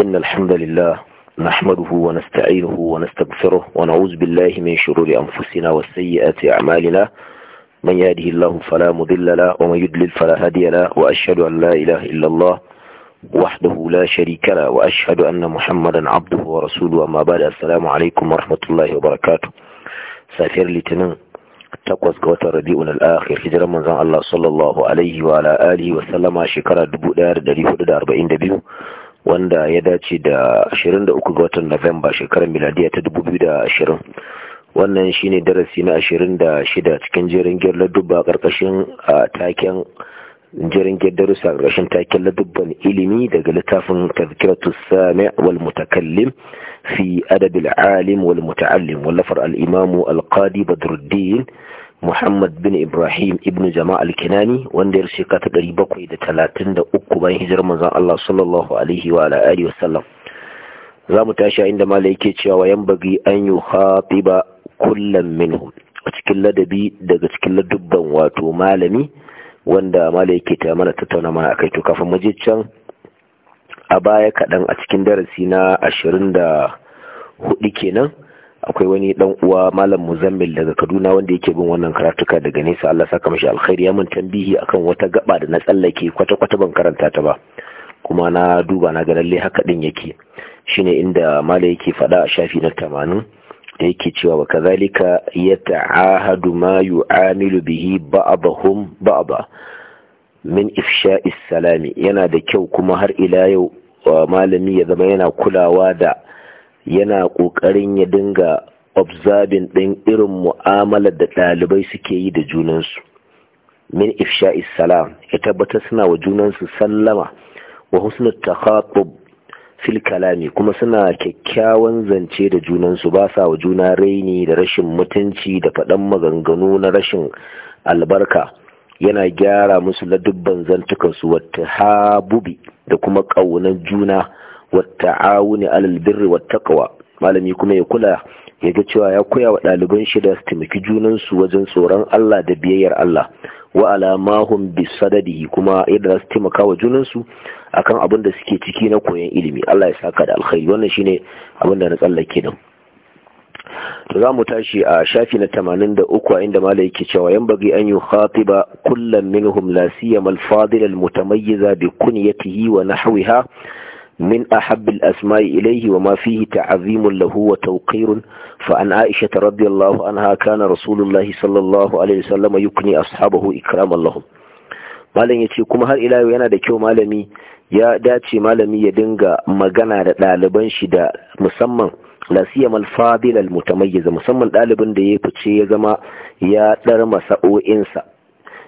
إن الحمد لله نحمده ونستعينه ونستغفره ونعوذ بالله من شرور أنفسنا وسيئات أعمالنا من يهده الله فلا مضل له ومن يضلل فلا هادي له وأشهد أن لا إله إلا الله وحده لا شريك له وأشهد أن محمدا عبده ورسوله أما بعد السلام عليكم ورحمة الله وبركاته سافر لتنم takwas ga watan rabi'un al-akhir hijirar manzon Allah sallallahu alaihi wa ala alihi wa sallama shekara 1442 wanda ya dace da 23 ga watan Nuwamba shekarar miladiya ta 2020 wannan shine darasi na 26 cikin jerin gyar ladubba karkashin taken jerin gyar a karkashin taken ladubban ilimi daga littafin tazkiratu sami wal mutakallim fi adabil alim wal muta'allim wallafar al-imamu al-qadi badruddin Muhammad bin Ibrahim ibn Jama al-Kinani wanda ya rushe kata ɗari bakwai da talatin da uku bayan hijirar manzon Allah sallallahu alaihi wa alihi wa sallam. Za mu tashi inda mala yake cewa yan bagi an yi khatiba kullum minhum a cikin ladabi daga cikin ladubban wato malami wanda mala yake ta mana tattauna mana akai to kafin maje can a baya kaɗan a cikin darasi na ashirin da hudu kenan. akwai wani dan uwa malam muzammil daga kaduna wanda yake bin wannan karatuka daga nesa Allah saka mashi alkhairi ya mun tambihi akan wata gaba da na tsallake kwata kwata ban karanta ta ba kuma na duba na ga lalle haka din yake shine inda mala yake fada a shafi na tamanin da yake cewa wa kazalika yata'ahadu ma yu'amilu bihi ba'dahum ba'da min ifsha'is salami yana da kyau kuma har ila yau malami ya zama yana kulawa da yana ƙoƙarin ya dinga observing ɗin irin mu'amalar da ɗalibai suke yi da junansu min ifsha salam ya tabbatar suna wa junansu sallama wa husnul takhatub fil kalami kuma suna kyakkyawan zance da junansu ba sa wa juna raini da rashin mutunci da faɗan maganganu na rashin albarka yana gyara musu ladubban zantukansu wata habubi da kuma ƙaunar juna والتعاون على البر والتقوى malami kuma ya kula ya ga cewa ya koya wa ɗaliban shi da su taimaki junansu wajen tsoron Allah da biyayyar Allah wa alamahum bi kuma yadda za su taimaka wa junansu akan abin da suke ciki na koyon ilimi Allah ya saka da alkhairi wannan shine abin da na tsallake nan to za mu tashi a shafi na 83 inda malai yake cewa yan bagi an yi khatiba kullum minhum la siyam al-fadil al-mutamayyiza bi kunyatihi wa nahwiha من أحب الأسماء إليه وما فيه تعظيم له وتوقير فعن عائشة رضي الله عنها كان رسول الله صلى الله عليه وسلم يكني أصحابه إكراما لهم malam ya ce kuma har ila yana da kyau malami ya dace malami ya dinga magana da ɗaliban shi da musamman lasiyam alfadil almutamayyiz musamman ɗalibin da ya fice ya zama ya ɗar masa'o'insa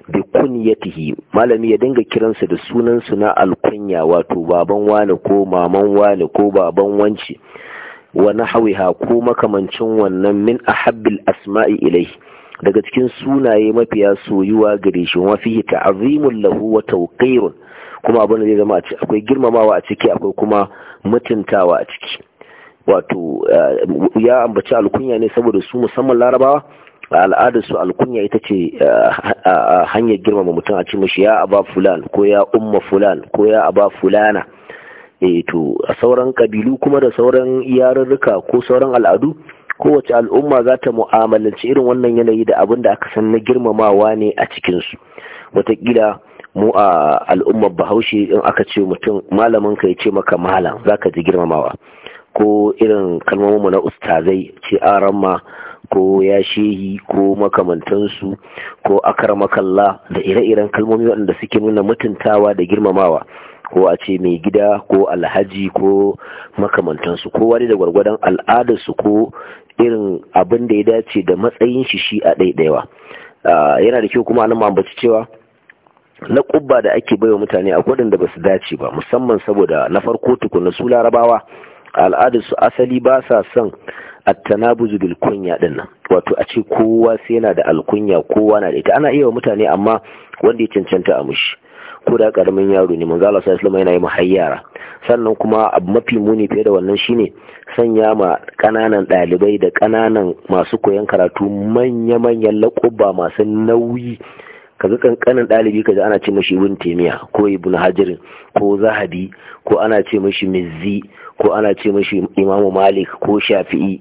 bi malami ya dinga kiransa da sunansu na alkunya wato baban wani ko maman wani ko baban wanci wa nahawiha ko makamancin wannan min ahabbil asma'i ilaihi daga cikin sunaye mafiya soyuwa gare shi wa fihi ta'zimul lahu wa tawqirun kuma abin da zai zama a ciki akwai girmamawa a ciki akwai kuma mutuntawa a ciki wato eh, ya ambaci alkunya ne saboda su musamman larabawa al'adar su alkunya ita ce eh, eh, eh, hanyar girmama mutum a ce mashi ya aba fulan ko ya umma fulan ko ya aba fulana a sauran kabilu kuma da sauran yarurruka ko sauran al'adu kowace al'umma za ta mu'amalanci irin wannan yanayi da abin da aka san na girmamawa ne a cikinsu watakila mu a al'ummar bahaushe in aka ce mutum malamin ka ya ce maka malam za ka ji girmamawa ko irin mu na ustazai ce aramma ko ya shehi ko makamantansu ko akarmakalla da ire-iren kalmomi waɗanda suke nuna mutuntawa da girmamawa ko a ce mai gida ko alhaji ko makamantansu ko wani da gwargwadon al'adarsu ko irin abin da ya dace da matsayin shi shi a ɗaiɗaiwa yana da kyau kuma anan ambaci cewa na ƙubba da ake baiwa mutane a da ba su dace ba musamman saboda na farko tukuna su larabawa al'adar su asali ba sa son a tanabuzu bil kunya din nan wato a ce kowa sai yana da alkunya kowa na da ita ana iya wa mutane amma wanda ya cancanta a mushi ko da karamin yaro ne manzo Allah sallallahu yana yi muhayyara sannan kuma abu mafi muni fiye da wannan shine sanya ma kananan dalibai da kananan masu koyon karatu manya-manyan laƙuba masu nauyi Ka kaga kankanin ɗalibi kaji ana ce mashi ibn temiya ko ibn hajar ko zahabi ko ana ce mashi mizzi ko ana ce mashi imamu malik ko shafi'i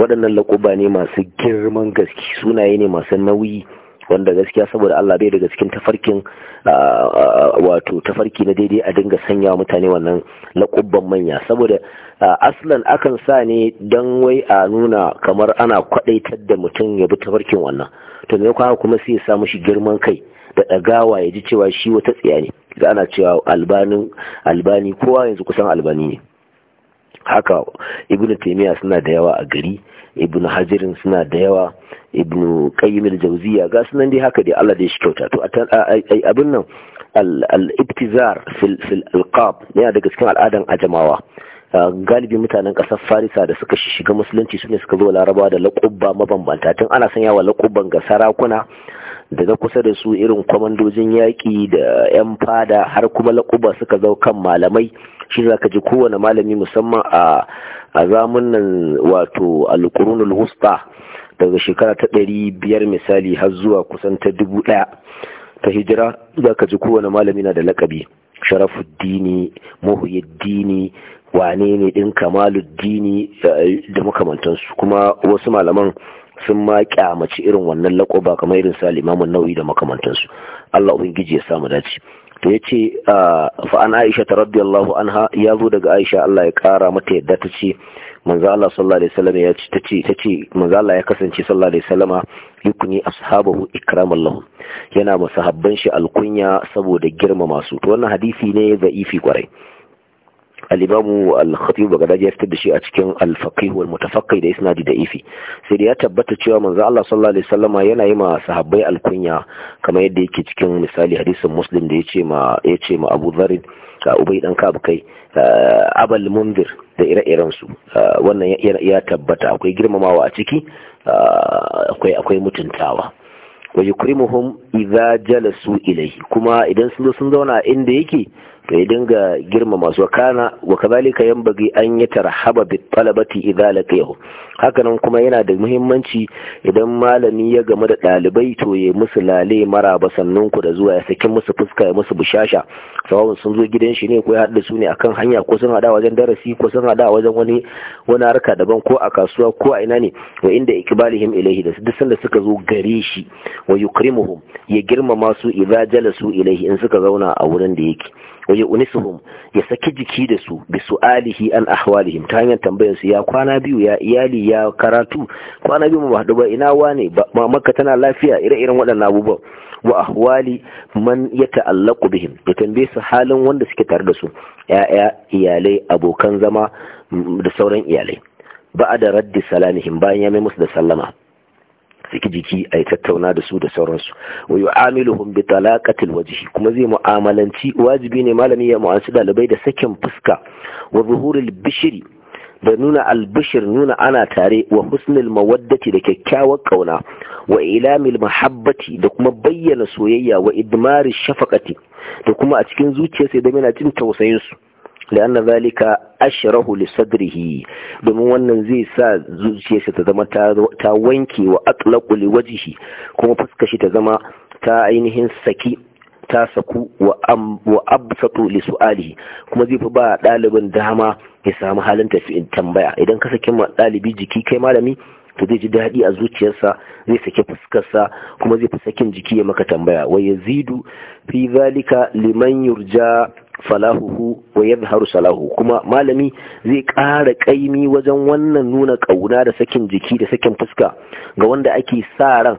waɗannan laƙuba ne masu girman gaske sunaye ne masu nauyi wanda gaskiya saboda Allah bai daga cikin tafarkin wato tafarki na daidai a dinga sanya mutane wannan laƙubban manya saboda aslan akan sa ne don wai a nuna kamar ana kwadaitar da mutum ya bi tafarkin wannan to me kuma kuma sai ya sa mushi girman kai da ɗagawa ya ji cewa shi wata tsiya ne ana cewa albani kowa yanzu kusan albani ne haka ibnu taymiya suna da yawa a gari ibnu hajirin suna da yawa ibnu qayyim al-jawziya ga sunan dai haka dai Allah dai shi kyauta to abin nan al-ibtizar fil alqab yana daga cikin al'adan ajamawa galibin mutanen ƙasar farisa da suka shiga musulunci sune suka zo larabawa da laƙubba mabambanta tun ana sanyawa laƙubban ga sarakuna daga kusa da su irin kwamandojin yaƙi da 'yan fada har kuma laƙuba suka zau kan malamai shi za ka ji kowane malami musamman a zamunan wato alƙurunul wusta daga shekara ta ɗari biyar misali har zuwa kusan ta dubu ɗaya ta hijira za ka ji kowane malami na da laƙabi sharafuddini dini, wane ne ɗin kamaluddini eh, da makamantansu kuma wasu malaman sun ma kyamaci irin wannan ba kamar irin sa limamin nau'i da makamantansu Allah ubangiji ya samu dace to ya fa an aisha ta radiyallahu anha ya zo daga aisha Allah ya kara mata yadda ta ce manzo Allah sallallahu alaihi wasallam ya ce tace tace manzo Allah ya kasance sallallahu alaihi wasallama yukuni ashabahu ikraman lahum yana masahabban shi alkunya saboda girma masu. to wannan hadisi ne za'ifi kwarai Alibamu imamu al-khatib ya fitar da shi a cikin al-faqih wal mutafaqqi da isnadi da ifi sai da ya tabbata cewa manzo Allah sallallahu alaihi wasallama yana yi ma sahabbai alkunya kamar yadda yake cikin misali hadisin muslim da yace ma yace ma Abu Dharr ka Ubay dan Ka'ab kai Abul Mundir da ire-iren su wannan ya tabbata akwai girmamawa a ciki akwai akwai mutuntawa wa yukrimuhum idza jalasu ilayhi kuma idan sun zo sun zauna inda yake to ya dinga girmama su kana wa kazalika yanbaghi an yatarhaba bit talabati idza laqiyahu hakanan kuma yana da muhimmanci idan malami ya gamu da dalibai to ya musu lale mara sannan ku da zuwa ya saki musu fuska ya musu bushasha sawabin sun zo gidan shi ne ko ya haɗu su ne akan hanya ko sun hada wajen darasi ko sun hada wajen wani wani harka daban ko a kasuwa ko a ina ne wa inda ikbalihim ilaihi da duk sanda suka zo gare shi wa yukrimuhum ya girmama su idza jalasu ilaihi in suka zauna a wurin da yake wa ya unisuhum ya saki jiki da su bi su'alihi an ahwalihim ta hanyar tambayar su ya kwana biyu ya iyali ya karatu kwana biyu mu haɗu ba ina wane ba makka tana lafiya ire-iren waɗannan abubuwan wa ahwali man ya ta'allaku bihim ya tambaye su halin wanda suke tare da su ya'ya iyalai abokan zama mm, da sauran iyalai ba da raddi salamihim bayan ya mai musu da sallama saki jiki a yi tattauna da su da sauransu wa yu'amiluhum bi talaqatil wajhi kuma zai mu'amalanci wajibi ne malami ya mu'ansu dalibai da sakin fuska wa zuhuril bishiri da nuna albishir nuna ana tare wa husnul mawaddati da kyakkyawar kauna wa ilamil mahabbati da kuma bayyana soyayya wa idmari shafakati da kuma a cikin zuciyarsa da yana cin tausayin su لأن ذلك أشره لصدره domin wannan zai sa zuciyarsa ta zama ta wanke wa atlaqu liwajhi kuma fuskar shi ta zama ta ainihin saki ta saku wa absatu li su'alihi kuma zai fi ba ɗalibin dama ya samu halin tafiyin tambaya idan ka saki ma ɗalibi jiki kai malami to zai ji daɗi a zuciyarsa zai saki fuskarsa kuma zai fi sakin jiki ya maka tambaya wa yazidu fi zalika liman yurja falahuhu wa yadhharu salahu kuma malami zai ƙara ƙaimi wajen wannan nuna ƙauna da sakin jiki da sakin fuska ga wanda ake sa ran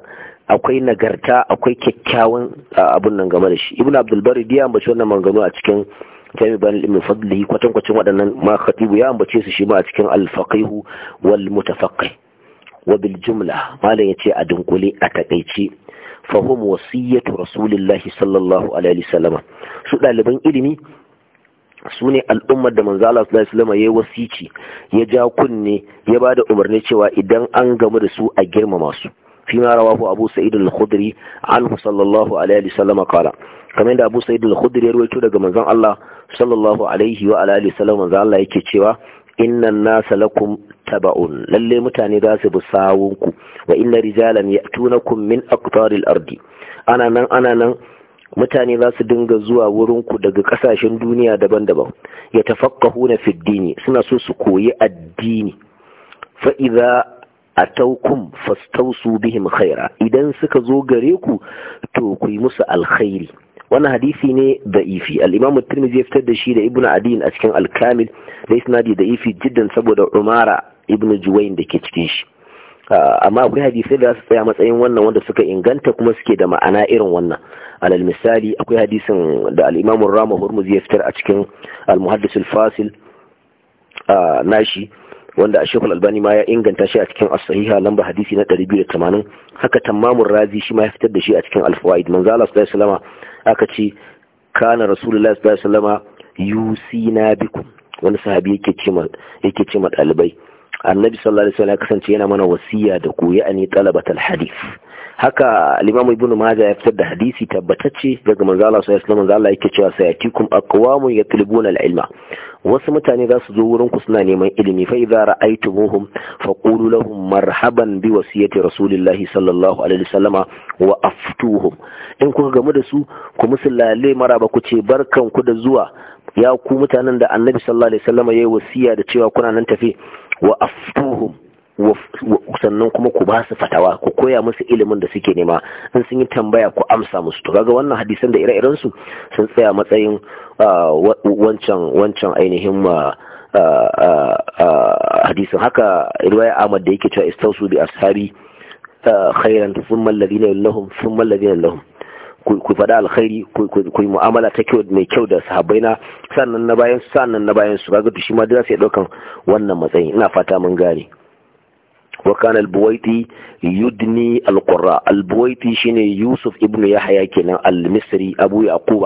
akwai nagarta akwai kyakkyawan abun nan game da shi ibn abdul bari ya ambaci wannan manganu a cikin jami ban ilmi fadli kwatan kwacin waɗannan ma khatibu ya ambace su shi ma a cikin alfaqihu wal mutafaqqih wa bil jumla malam yace a dunkule a takaice fahim wasiyyatu rasulillahi sallallahu alaihi wasallam su ɗaliban ilimi su ne al'ummar da manzo Allah sallallahu alaihi wasallam ya wasici ya ja kunne ya ba da umarni cewa idan an gamu da su a girmama su فيما رواه أبو سعيد الخدري عنه صلى الله عليه وسلم قال كمان أبو سعيد الخدري يروي كده من زن الله صلى الله عليه wa آله وسلم من Allah yake cewa. innan nasa lakum taba'un lalle mutane za su bi sawunku wa inna rijalan ya'tunakum min aqtaril ardi ana nan ana nan mutane za su dinga zuwa ku daga kasashen duniya daban-daban ya tafakkahuna fi dini suna so su koyi addini fa idza ataukum fastausu bihim khaira idan suka zo gare ku to ku yi musu alkhairi wannan hadisi ne da ifi al'imamu turmi zai fitar da shi da ibnu adin a cikin alkamil da isnadi da ifi jiddan saboda umara ibnu juwain da ke cikin shi ah, amma akwai hadisai da za su tsaya matsayin wannan wanda suka inganta kuma suke da ma'ana irin wannan alal misali akwai hadisin da al'imamin imamu rama zai ya fitar a cikin al-muhaddis al-fasil ah, nashi wanda a shekul albani ma ya inganta shi a cikin asahiha sahiha lamba hadisi na 280 haka tamamun razi shi ma ya fitar da shi a cikin alfawai fawaid manzo Allah sallallahu alaihi aka ce kana rasulullahi sallallahu alaihi yusina bikum wani sahabi yake ce ma yake ce ma dalibai annabi sallallahu alaihi wasallam kasance yana mana wasiya da ku ya'ani talabatal hadith haka limamu ibnu majah ya fitar da hadisi tabbatacce daga manzo Allah sallallahu alaihi wasallam yake cewa sayatikum aqwamu yatlubuna al-ilma wasu mutane za su zo wurin ku suna neman ilimi fa idza ra'aytumuhum faqulu lahum marhaban bi wasiyati rasulillahi sallallahu alaihi wasallama wa aftuhum in kuka gamu da su ku musulale maraba ku ce barkan ku da zuwa ya ku mutanen da annabi sallallahu alaihi wasallama yayi wasiya da cewa kuna nan tafi wa aftuhum sannan kuma ku ba su fatawa ku koya musu ilimin da suke nema in sun yi tambaya ku amsa musu to kaga wannan hadisan da ire-iren su sun tsaya matsayin wancan wancan ainihin hadisin haka riwaya Ahmad da yake cewa istausu bi ashabi khairan thumma alladhina lahum thumma alladhina lahum ku fada alkhairi ku yi mu'amala ta kyau mai kyau da sahabbai na sannan na bayan su sannan na bayan su kaga to shi ma da su iya daukan wannan matsayin ina fata mun gane وكان البويتي يدني القراء البويتي شيني يوسف ابن يحيى كنا المصري ابو يعقوب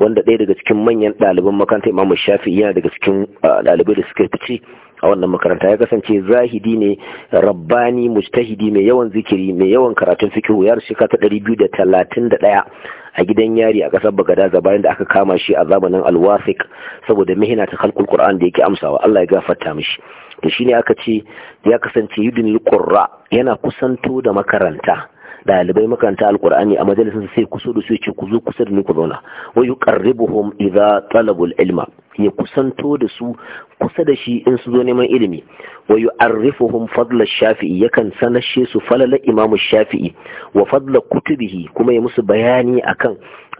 wanda ɗaya daga cikin manyan ɗaliban makarantar Imam Shafi'i yana daga cikin uh, ɗalibai da suka fice a wannan makaranta ya kasance zahidi ne rabbani mujtahidi mai yawan zikiri mai yawan karatun fikihu ya shekara ta 231 a gidan yari a kasar Bagadaza bayan da aka kama shi a zamanin Alwasik saboda mihina ta kalkul Qur'an da yake amsawa Allah ya gafarta mishi to shine aka ce ya kasance yudin qurra yana kusanto da makaranta dalibai makaranta alkur'ani a majalisinsa sai so da su ce ku zo kusa da ni ku zauna wa yuqarribuhum idza talabul ilma ya kusanto da su kusa da shi in su zo neman ilimi wa yu'arrifuhum fadla shafi'i yakan sanashe su falala imamu shafi'i wa fadla kutubihi kuma ya musu bayani akan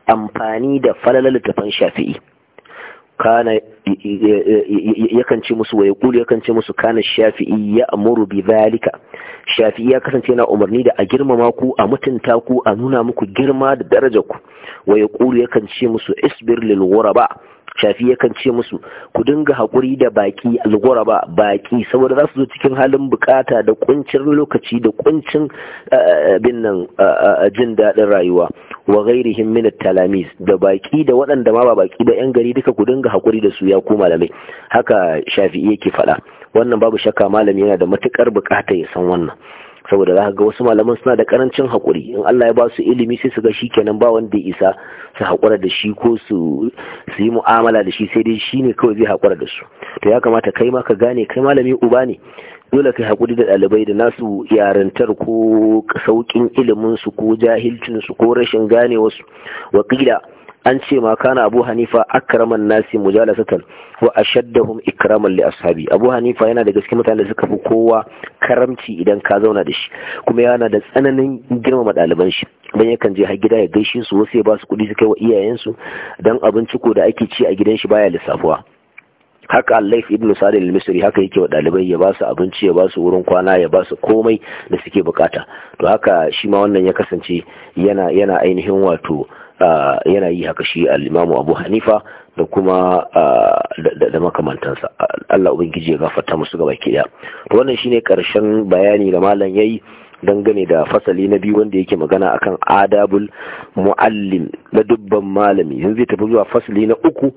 amfani da falala littafan shafi'i kana yakan ce musu wa yaqulu yakan ce musu kana shafi'i ya'muru bi zalika shafi ya kasance yana umarni da a girmama ku a mutunta ku a nuna muku girma da daraja ku wa ya yakan ce musu isbir lil ba shafi yakan ce musu ku dinga haƙuri da baƙi ba. baƙi saboda za su zo cikin halin bukata da kuncin lokaci da kuncin eh, eh, bin nan eh, jin daɗin rayuwa wa ghairihim min at-talamis da baki da waɗanda ma ba baki ba yan gari duka ku dinga hakuri da su ya ku malamai haka Shafi'i yake faɗa wannan babu shakka malami yana da matukar bukata ya san wannan saboda za ga wasu malaman suna da karancin hakuri in Allah ya ba su ilimi sai su ga shi kenan ba wanda ya isa su hakura da shi ko su su yi mu'amala da shi sai dai shine kawai zai hakura da su to ya kamata kai ma ka gane kai malami uba ne dole kai hakuri da ɗalibai da nasu yarantar ko sauƙin iliminsu ko jahilcinsu ko rashin gane wasu wakila an ce ma kana abu hanifa akraman nasi mujalasatan wa ashaddahum ikraman li ashabi abu hanifa yana da gaske mutane da suka fi kowa karamci idan ka zauna da shi kuma yana da tsananin girmama ɗaliban shi Ban yakan je har gida ya gaishe su wasu ya ba su kuɗi su kai wa iyayensu dan abinci ko da ake ci a gidan shi baya lissafuwa haka Allah ibn Sa'd al-Misri haka yake wa dalibai ya ba su abinci ya ba su wurin kwana ya ba su komai da suke bukata to haka shi ma wannan ya kasance yana yana ainihin wato yana yi haka shi al-Imam Abu Hanifa da kuma da makamantansa Allah ubangiji ya gafarta musu gaba ki to wannan shine karshen bayani da malam yayi dangane da fasali na biyu wanda yake magana akan adabul muallim na dubban malami yanzu zai tafi zuwa fasali na uku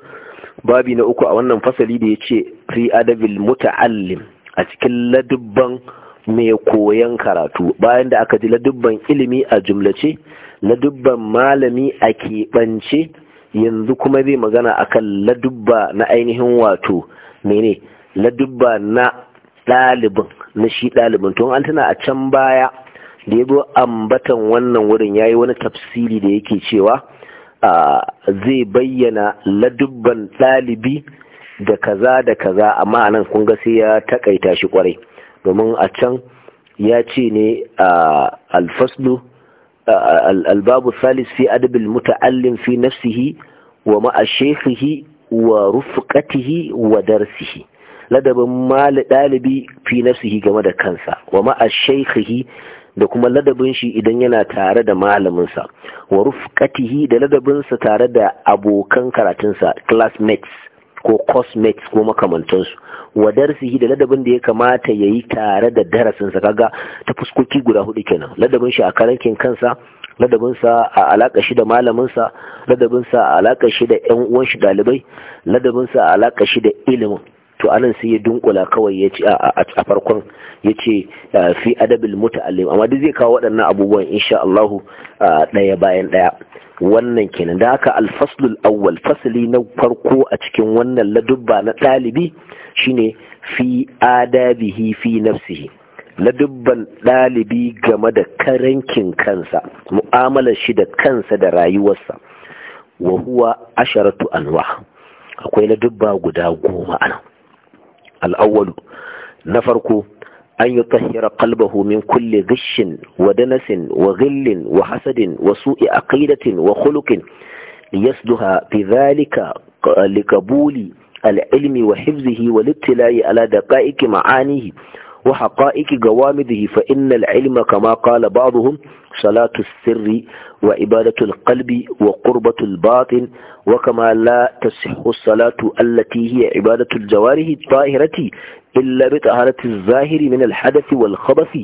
babi na uku a wannan fasali da ya ce fi adabil muta'allim a cikin ladubban mai koyon karatu bayan da aka ji ladubban ilimi a jumlace ladubban malami a keɓance yanzu kuma zai magana akan ladubba na ainihin wato mene ladubba na ɗalibin na shi ɗalibin tun an tana a can baya da ya zo ambatan wannan wurin ya yi wani tafsiri da yake cewa zai bayyana ladubban ɗalibi da kaza da kaza amma anan kun ga sai ya takaita shi kwarai domin a can ya ce ne alfaslu albabu salis fi adabil muta'allim fi nafsihi wa ma'a shekhihi wa rufqatihi wa darsihi ladabin mali dalibi fi nafsihi game da kansa wa ma'a shekhihi da kuma ladabin shi idan yana tare da malaminsa wa rufqatihi da ladabinsa tare da abokan karatunsa classmates ko cosmates ko makamantansu wa darsihi da ladabin da ya kamata yayi tare da darasinsa kaga ta fuskoki guda hudu kenan ladabin shi a karankin kansa sa a alaƙa shi da malaminsa sa a alaƙa shi da 'yan uwan shi ɗalibai sa a alaƙa shi da ilimin to anan sai ya dunkula kawai ya ce a farkon ya ce ah, fi adabil muta'allim amma duk zai kawo waɗannan abubuwan insha Allah ah, ɗaya bayan ɗaya wannan kenan da haka alfaslul awwal fasali na farko a cikin wannan ladubba na ɗalibi shine fi adabihi fi nafsihi ladubban ɗalibi game da karankin kansa mu'amalar shi da kansa da rayuwarsa wa huwa asharatu anwa akwai ladubba guda goma anan الأول نفرك أن يطهر قلبه من كل غش ودنس وغل وحسد وسوء عقيدة وخلق ليسدها بذلك لقبول العلم وحفظه والابتلاء على دقائق معانيه وحقائق جوامده فإن العلم كما قال بعضهم صلاة السر وعبادة القلب وقربة الباطن وكما لا تصح الصلاة التي هي عبادة الجوارح الطاهرة إلا بطهارة الظاهر من الحدث والخبث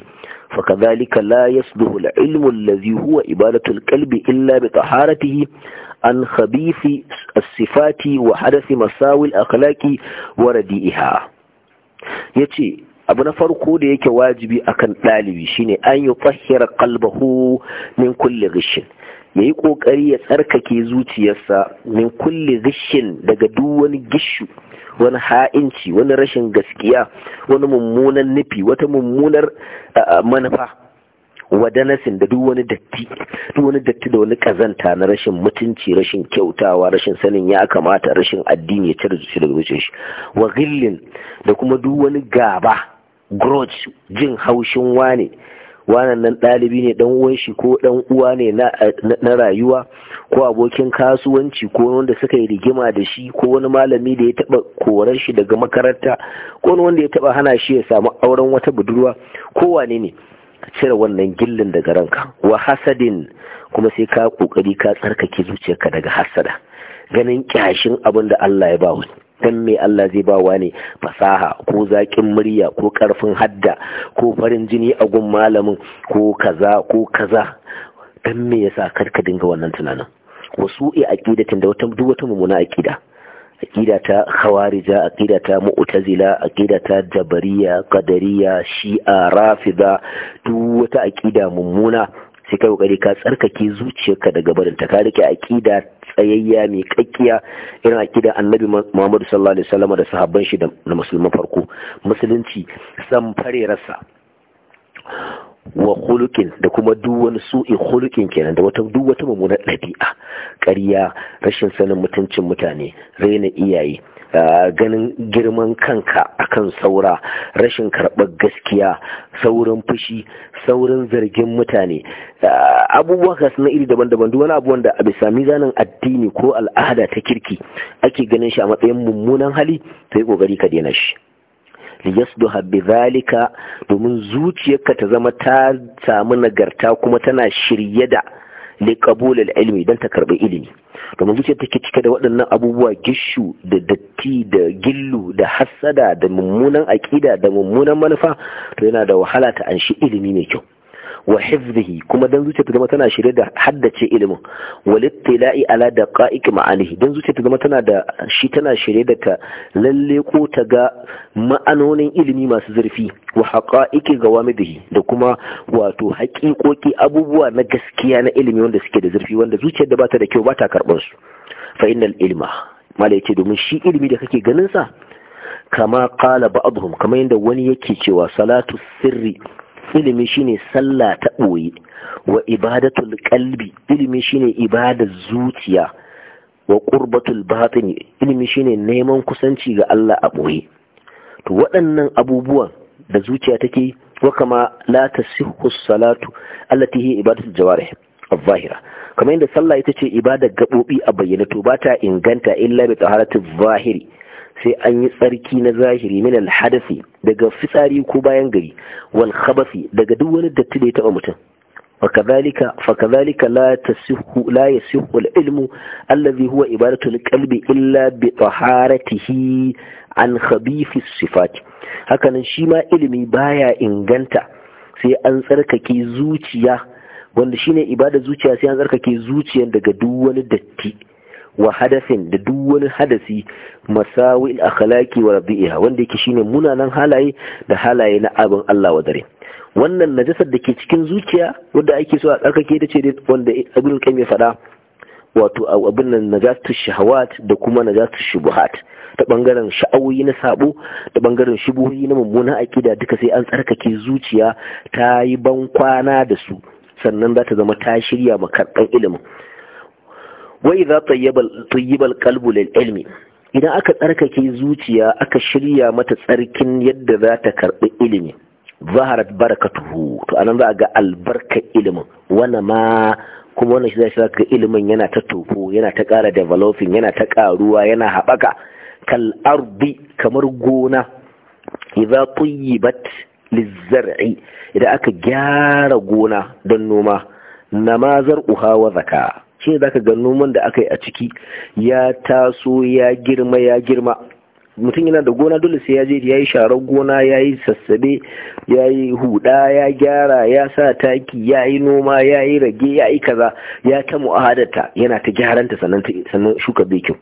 فكذلك لا يصدر العلم الذي هو عبادة القلب إلا بطهارته عن خبيث الصفات وحدث مساوي الأخلاق ورديئها يتي abu na farko da yake wajibi akan ɗalibi shine an yi tsahira kalbahu min kulle rishin ya yi ƙoƙari ya tsarkake zuciyarsa min kulle rishin daga duk wani gishu wani ha'inci wani rashin gaskiya wani mummunan nufi wata mummunar manufa wadanasin da duk wani datti duk wani datti da wani kazanta na rashin mutunci rashin kyautawa rashin sanin ya kamata rashin addini ya cire zuci daga zuciyar shi wa da kuma duk wani gaba grudge jin haushin wane wannan nan ɗalibi ne ɗan uwan shi ko ɗan uwa ne na rayuwa ko abokin kasuwanci ko wanda suka yi rigima da shi ko wani malami da ya taɓa koran shi daga makaranta ko wanda ya taɓa hana shi ya samu auren wata budurwa ko wane ne cire wannan gillin daga ranka wa hasadin kuma sai ka kokari ka tsarkake zuciyarka daga hasada ganin kyashin abin da Allah ya ba wani dan me Allah zai ba ne fasaha ko zaƙin murya ko ƙarfin hadda ko farin jini a gun malamin ko kaza ko kaza dan me yasa karka dinga wannan tunanin wasu e aqidatin da wata duk wata mumuna aqida aqida ta khawarija aqida ta mu'tazila aqida ta jabariya qadariya shi'a rafida duk wata aqida mummuna sai kai kokari ka tsarkake zuciyarka daga barin ta ka rike aqida tsayayya mai kakkiya irin akida annabi Muhammadu sallallahu alaihi wasallam da sahabban shi da musulman farko musulunci san rasa. wa da kuma duk wani su'i khuluqin kenan da wata duk wata mummunar ɗabi'a ƙarya rashin sanin mutuncin mutane raina iyaye ganin girman kanka akan saura rashin karɓar gaskiya saurin fushi saurin zargin mutane abubuwa ka na iri daban-daban duk wani abu wanda a bisa mizanin addini ko al'ada ta kirki ake ganin shi a matsayin mummunan hali sai yi kokari ka daina shi liyasduha zalika domin zuciyarka ta zama ta samu nagarta kuma tana shirye da liqabul ilmi dan ta karbi ilimi domin zuciyar take cike da waɗannan abubuwa gishu da datti da gillu da hassada da mummunan aƙida da mummunan manufa to yana da wahala ta anshi ilimi mai kyau wa hifzihi kuma dan zuciya ta zama tana shirye da haddace ilimin walittila'i ala daqa'iq ma'anihi dan zuciya ta zama tana da shi tana shirye da ka lalle ko ta ga ma'anonin ilimi masu zurfi wa haqa'iqi gawamidihi da kuma wato haqiqoki abubuwa na gaskiya na ilimi wanda suke da zurfi wanda zuciyar da bata da kyau bata karɓar su fa innal ilma malai ce domin shi ilimi da kake ganin sa kama qala ba'dhum kamar yadda wani yake cewa salatu sirri ilimi shine sallah ta ɓoye wa ibadatul kalbi ilimi shine ibadar zuciya wa qurbatul batin ilimi shine neman kusanci ga Allah a ɓoye to waɗannan abubuwan da zuciya take wa kama la tasihhu salatu allati hi ibadatul jawarih zahira kamar yadda sallah ita ce ibadar gaɓoɓi a bayyana to ba ta inganta illa bi taharatul zahiri sai an yi tsarki na zahiri min alhadasi daga fitsari ko bayan gari wal khabasi daga duk wani datti da ya taba mutum fakadhalika fakadhalika la tasihu la yasihu al-ilmu alladhi huwa ibadatu al-qalbi illa bi taharatihi an khabifi sifat hakanan shi ma ilimi baya inganta sai an tsarkake zuciya wanda shine ibada zuciya sai an tsarkake zuciyar daga duk wani datti wa hadasin da duk wani hadasi masawil akhlaqi wa rabi'iha wanda yake shine munanan halaye da halaye na abin Allah wa dare wannan najasar da ke cikin zuciya wanda ake so a tsarkake da ce wanda abin kai mai fada wato abin nan najatu shahawat da kuma najatu shubuhat ta bangaren sha'awoyi na sabo da bangaren shubuhi na mummuna akida duka sai an tsarkake zuciya ta yi ban kwana da su sannan za ta zama ta shirya makarɓar ilimin Wai za tayyibal yi lil ilmi idan aka tsarkake zuciya aka shirya mata tsarkin yadda za ta karɓi ilimi zaharat barakatuhu to anan za a ga albarkar ilimin wannan ma kuma wannan shi za ga ilimin yana ta tofo yana ta ƙara developing yana ta ƙaruwa yana haɓaka kal ardi kamar gona idza tayyibat lizzar'i idan aka gyara gona don noma nama zar'uha wa zaka shi za ka ga noman da aka yi a ciki ya taso ya girma ya girma mutum yana da gona dole sai ya je ya yi sharar gona ya yi sassabe ya yi huda ya gyara ya sa taki ya yi noma ya yi rage ya yi kaza ya ta mu'ahadata yana ta gyaranta sannan shuka bai kyau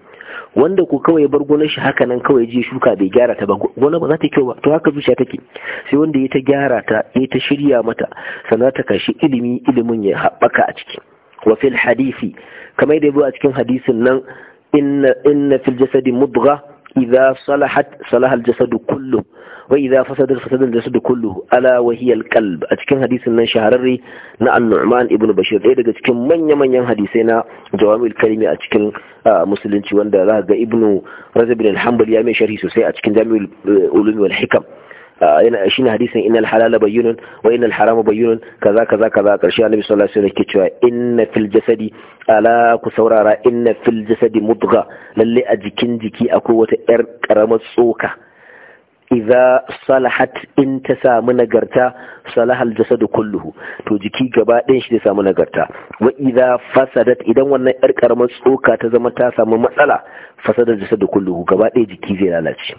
wanda ko kawai ya bar gonar shi haka nan kawai je shuka bai gyara ta ba gona ba za ta kyau ba to haka zuciya take sai wanda ya ta gyara ta ya ta shirya mata sannan ta kashi ilimi ilimin ya haɓaka a ciki wa fil hadisi kamar yadda a cikin hadisin nan inna fil jasadi mudgha idza salahat salaha al jasadu kullu wa idza fasada fasada al kullu ala wa hiya al qalb a cikin hadisin nan shahararre na an ibnu bashir ɗaya daga cikin manya manyan hadisai na jawami'ul kalimi a cikin musulunci wanda za ga ibnu razab bin hanbali ya mai sharhi sosai a cikin jami'ul eh, ulum wal hikam yana shine hadisin innal halala bayyinun wa innal harama bayyinun kaza kaza kaza karshe annabi sallallahu alaihi wasallam yake cewa inna fil jasadi ala ku saurara inna fil jasadi mudgha lalle a jikin jiki akwai wata yar karamar tsoka idza salahat in ta samu nagarta salahal jasadu kulluhu to jiki gaba ɗayan shi zai samu nagarta wa idza fasadat idan wannan yar karamar tsoka ta zama ta samu matsala fasadar jasadu kulluhu gaba ɗaya jiki zai lalace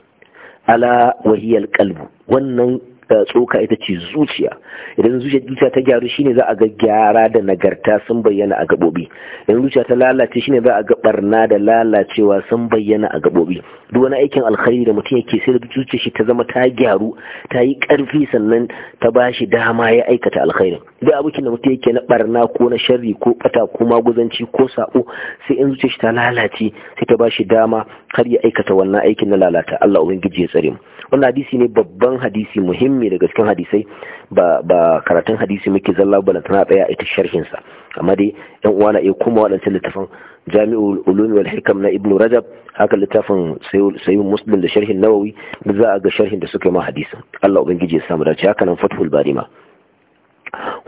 ala wahiyal qalbu wannan tsoka ita ce zuciya idan zuciya zuciya ta gyaru shine za a ga gyara da nagarta sun bayyana a gabobi idan zuciya ta lalace shine za a ga barna da lalacewa sun bayyana a gabobi duk wani aikin alkhairi da mutum yake sai da zuciya shi ta zama ta gyaru ta yi karfi sannan ta bashi dama ya aikata alkhairin duk abokin da mutum yake na barna ko na sharri ko bata ko maguzanci ko sako sai in zuciya shi ta lalace sai ta bashi dama har ya aikata wannan aikin na lalata Allah ubangiji ya tsare mu wannan hadisi ne babban hadisi muhimmi daga cikin hadisai ba karatun hadisi muke zalla ba na tana tsaya ita sharhin sa amma dai ɗan uwa na iya kuma waɗancan littafin Jami'ul ulumi wal Hikam na ibnu Rajab haka littafin Sayyid Muslim da sharhin Nawawi da za a ga sharhin da suka yi ma hadisin Allah ubangiji ya samu dace haka nan Fathul barima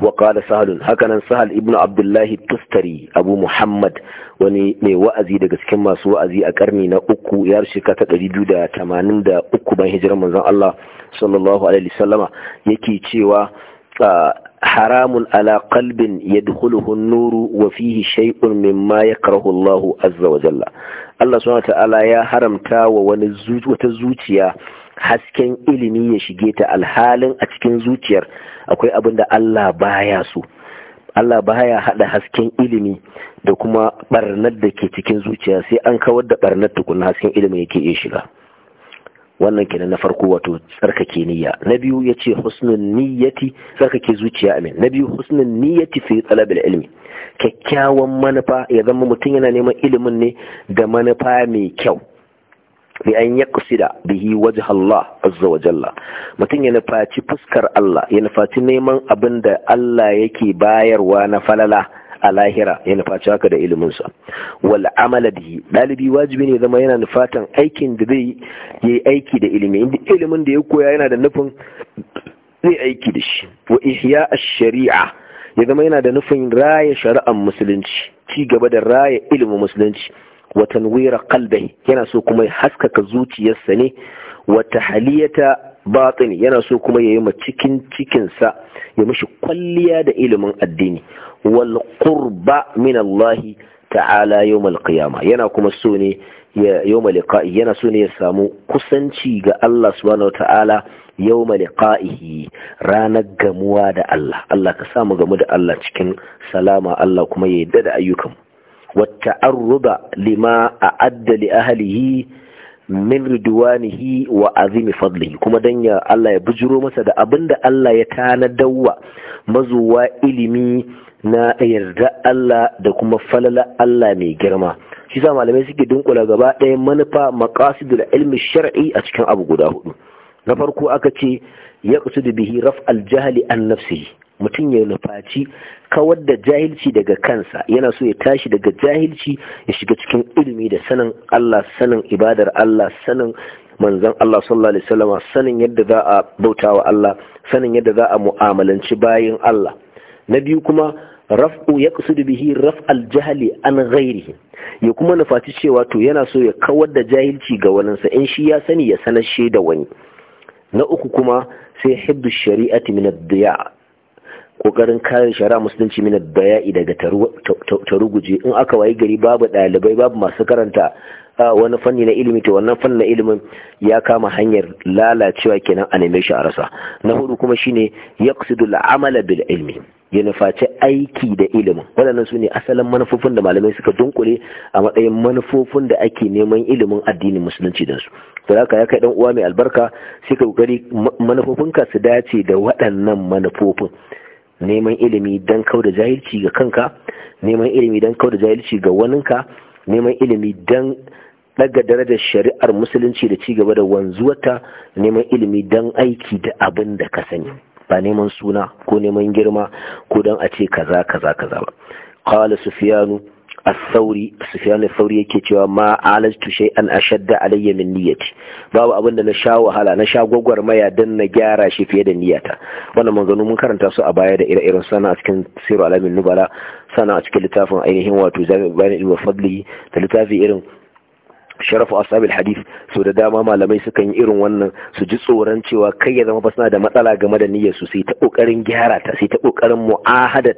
وقال سهل هكذا سهل ابن عبد Abdullahi التستري Abu Muhammad, wani mai wa'azi daga cikin masu wa'azi a karni na uku ya shika ta ɗari biyu da tamanin da uku ban hijirar manzon Allah sallallahu alaihi wasallama yake cewa haramun ala qalbin yadkhuluhu an-nuru wa fihi shay'un mimma yakrahu Allah azza ya haramta wa wata zuciya hasken ilimi ya shige ta alhalin a cikin zuciyar akwai abin da Allah baya so Allah baya hada hasken ilimi da kuma barnar da ke cikin zuciya sai an kawar da barnar tukuna hasken ilimi yake iya shiga wannan kenan na farko wato tsarkake niyya na biyu yace husnul niyyati tsarkake zuciya amin na biyu husnul niyyati fi talabil ilmi kyakkyawan manufa ya zama mutum yana neman ilimin ne da manufa mai kyau bi an kusida bihi wajh Allah azza wa jalla mutum ya nufaci fuskar Allah ya nufaci neman abin da Allah yake bayarwa na falala a lahira ya nufaci haka da iliminsa wal amala bihi dalibi wajibi ne zama yana nufatan aikin da zai yi aiki da ilimi inda ilimin da ya koya yana da nufin zai aiki da shi wa ihya ash-shari'a ya zama yana da nufin raya shari'ar musulunci ci gaba da raya ilimin musulunci wa tanwira qalbihi yana so kuma ya haskaka zuciyarsa ne Wata haliyata batini yana so kuma ya yi ma cikin cikinsa ya mishi kwalliya da ilimin addini wal qurba min Allah ta'ala yawmal qiyama yana kuma so ne ya yana so ne ya samu kusanci ga Allah subhanahu ta'ala yawmal liqa'ihi ranar gamuwa da Allah Allah ka samu gamu da Allah cikin salama Allah kuma ya yarda da ayyukanmu والتعرض لما addali لأهله min ridwanihi wa azimi fadlihi kuma dan ya Allah ya bujiro masa da abinda Allah ya tanadawa Mazowa ilimi na yarda Allah da kuma falala Allah mai girma shi sa malamai suke dunkula gaba ɗaya manufa da ilmi shar'i a cikin abu guda huɗu? na farko aka ce yaqsidu bihi raf'al jahli an nafsihi mutum ya nufaci kawar da jahilci daga kansa yana so ya tashi daga jahilci ya shiga cikin ilimi da sanin Allah sanin ibadar Allah sanin manzon Allah sallallahu alaihi wasallam sanin yadda za a bautawa Allah sanin yadda za a mu'amalanci bayin Allah na biyu kuma raf'u ya bihi raf'al jahali an ghairihi ya kuma nufaci cewa to yana so ya kawar da jahilci ga sa, in shi ya sani ya sanar da wani na uku kuma sai hibdu shari'ati min ad kokarin kare shari'a musulunci mina baya'i daga taruguje in aka wayi gari babu ɗalibai babu masu karanta wani fanni na ilimi to wannan fanni na ilimin ya kama hanyar lalacewa kenan a neme shi a rasa na hudu kuma shine yaqsidu amala bil ilmi ya nuface aiki da ilimin waɗannan sune ne asalin manufofin da malamai suka dunkule a matsayin manufofin da ake neman ilimin addinin musulunci da su to haka ya kai dan uwa mai albarka sai ka kokari manufofinka su dace da waɗannan manufofin neman ilimi don kau da jahilci ga kanka neman ilimi don kau da jahilci ga waninka neman ilimi don daga darajar shari'ar musulunci da ci gaba da wanzuwarta neman ilimi don aiki da abin da ka sani ba neman suna ko neman girma ko don a ce kaza kaza kaza ba qala sufyanu الثوري سفيان الثوري yake cewa ma alajtu a ashadda alayya min niyyati babu abin da na sha wahala na sha gwagwarmaya dan na gyara shi fiye da niyyata wannan manzanu mun karanta su a baya da ire-iren sana a cikin siru alamin nubala sana a cikin littafin ainihin wato zabi bayan ilmi fadli da littafi irin sharafu ashabil hadith so da dama malamai sukan yi irin wannan su ji tsoron cewa kai ya zama suna da matsala game da niyyar su sai ta kokarin gyara ta sai ta kokarin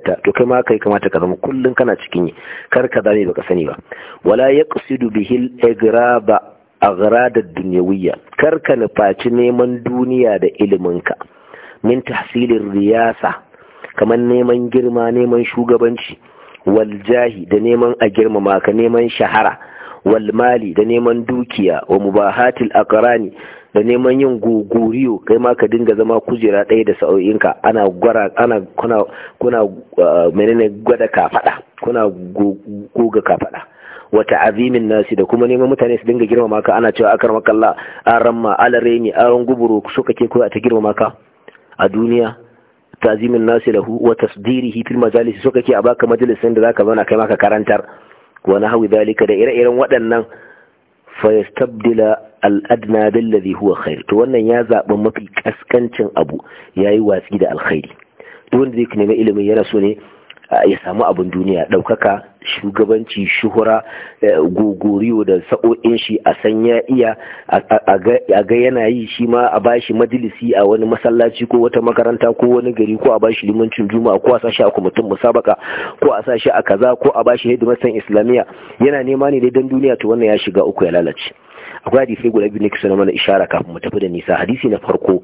ta, to kai ma kai kamata ka zama kullun kana cikin yi kar ka ba baka sani ba wala yaqsidu bihil igraba agradad dunyawiyya kar ka nufaci neman duniya da iliminka min tahsilir riyasa kamar neman girma neman shugabanci waljahi da neman a girmama ka neman shahara wal mali da neman dukiya wa mubahatil aqrani da neman yin goguriyo kai ma ka dinga zama kujera ɗaya da sa'o'inka ana gwara ana kuna kuna uh, menene gwada kafada kuna goga kafada wata azimin nasi da kuma neman mutane su dinga girmama ka ana cewa akar makalla an ramma alare ne an guburo so kake koya ta girmama ka a duniya ta'zimin nasi lahu wa tasdirihi fil majalisi so kake a baka majalisin da zaka zauna kai ma ka karantar wa nahwi zalika da ire-iren waɗannan fayastabdila al'adna al huwa khair to wannan ya zaɓi mafi ƙaskancin abu ya yi watsi da alkhairi duk wanda zai kuna ilimin yana so ne ya samu abin duniya ɗaukaka shugabanci shuhura e, gogoriyo da sa'o'in shi a san iya a ga yana yi shi ma a bashi majalisi a wani masallaci ko wata makaranta ko wani gari ko a bashi limancin juma'a ko a sa shi a kwamitin musabaka ko a sa shi a kaza ko a bashi hidimastan islamiyya yana nema ne dai don duniya to wannan ya shiga uku ya lalace akwai hadisai guda biyu ne kisa na mana ishara kafin mu tafi da nisa hadisi na farko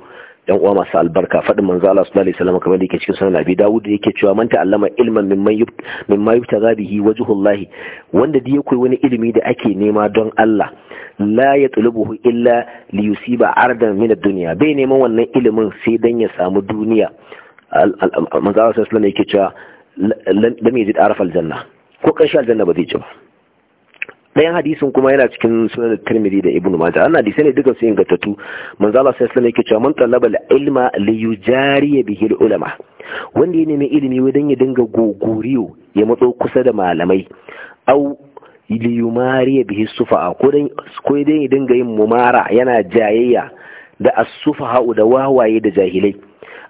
yan uwa masu albarka faɗin manzo Allah sallallahu alaihi wasallam kamar da yake cikin sunan Abi Dawud yake cewa man ta'allama ilman mimman mimma yubtaga bihi wajhullahi wanda da ya koyi wani ilimi da ake nema don Allah la yatlubuhu illa li yusiba ardan min ad-dunya bai nema wannan ilimin sai dan ya samu duniya manzo Allah sallallahu alaihi wasallam yake cewa lam yazid arfa al-janna ko al aljanna ba zai ci ba ɗayan hadisin kuma yana cikin sunan tirmidhi da ibnu majah ana hadisi ne dukan su ingantattu manzo Allah sallallahu alaihi wasallam man talaba ilma li yujari bihi ulama wanda ya nemi ilimi wajen ya dinga gogoriyo ya matso kusa da malamai au li yumari bihi sufaha ko dan ko dan ya dinga yin mumara yana jayayya da as-sufaha da wawaye da jahilai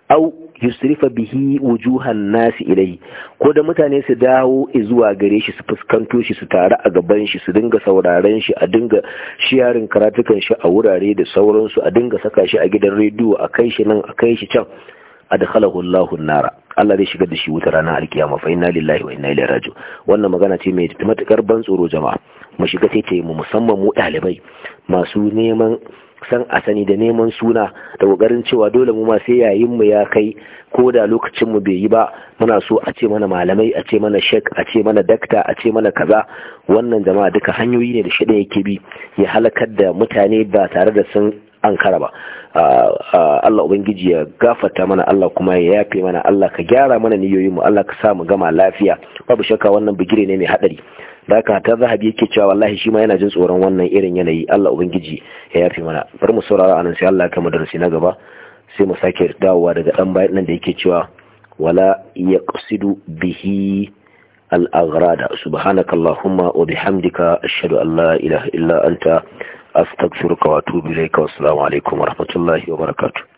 au yusrifa bihi wujuhan nasi ilai ko da mutane su dawo zuwa gare shi su fuskanto shi su taru a gaban shi su dinga sauraren shi a dinga shiyarin karatukan shi a wurare da sauransu a dinga saka shi a gidan rediyo a kai shi nan a kai shi can adkhalahu Allahu nara Allah zai shigar da shi wuta ranar alkiyama fa inna lillahi wa inna ilaihi raji'un wannan magana ce mai matukar ban tsoro jama'a mu shiga sai mu musamman mu dalibai masu neman san a sani da neman suna da kokarin cewa dole mu ma sai yayin mu ya kai ko da lokacin mu bai yi ba muna so a ce mana malamai a ce mana shek a ce mana dakta a ce mana kaza wannan jama'a duka hanyoyi ne da shi yake bi ya halakar da mutane ba tare da sun ankara ba Allah ubangiji ya gafata mana Allah kuma ya yafe mana Allah ka gyara mana niyoyin mu Allah ka sa mu gama lafiya babu shakka wannan bigire ne mai hadari zaka ta zahabi yake cewa wallahi shi ma yana jin tsoron wannan irin yanayi Allah ubangiji ya yafi mana bari mu saurara anan sai Allah ya kama darasi na gaba sai mu sake dawowa daga dan bayan nan da yake cewa wala yaqsidu bihi al-aghrada subhanaka allahumma wa bihamdika ashhadu an la ilaha illa anta astaghfiruka wa atubu ilayka wa assalamu alaikum wa rahmatullahi wa barakatuh